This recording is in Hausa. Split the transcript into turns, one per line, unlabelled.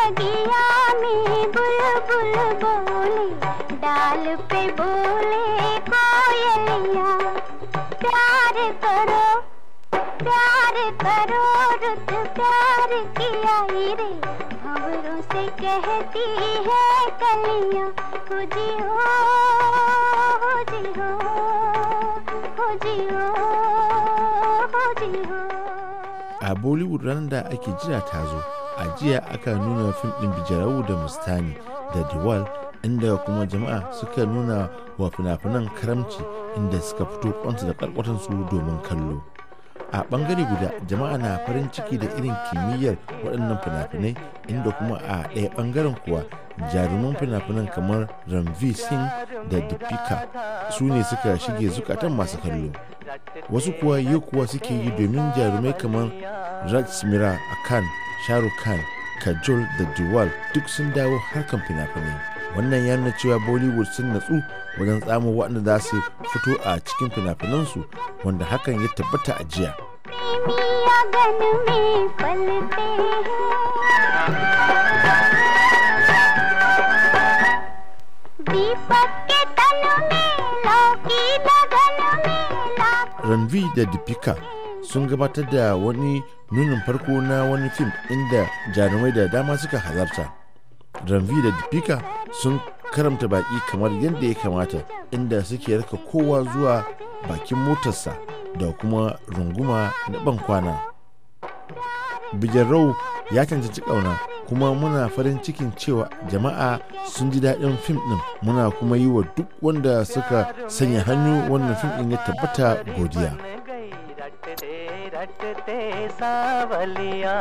बगिया में बुलबुल बोले डाल पे बोले कोयलिया प्यार करो प्यार करो रुत प्यार किया रे भंवरों से कहती है कलिया खुजी हो खुजी हो खुजी हो खुजी हो
a bollywood ranar da ake jira ta zo a jiya aka nuna fim din bijirawu da mustani da diwal inda kuma jama'a suka nuna wa finafinan karamci inda suka fito kwansu da karkwatansu domin kallo a bangare guda jama'a na farin ciki da irin kimiyyar waɗannan finafinai inda kuma a ɗaya bangaren kuwa jaruman finafinan kamar ramvi singh da dupika su ne suka shige zukatan masu kallo wasu kuwa yi kuwa suke yi domin jarumai kamar raj smira akan shahrukh khan kajol da duwal duk sun dawo harkan fina-finai wannan ya nuna cewa bollywood sun natsu wajen tsamo waɗanda za su fito a cikin fina-finansu wanda hakan ya tabbata a jiya ranvi da dipika sun gabatar da wani nunin farko na wani fim inda jarumai da dama suka halarta ranvi da dipika sun karamta baki kamar yadda ya kamata inda suke raka kowa zuwa bakin motarsa da kuma runguma na ban bankwana bijarau ya cancanci kauna kuma muna farin cikin cewa jama'a sun ji daɗin fim ɗin muna kuma yi wa duk wanda suka sanya hannu wannan fim ɗin ya tabbata godiya रटते सावलिया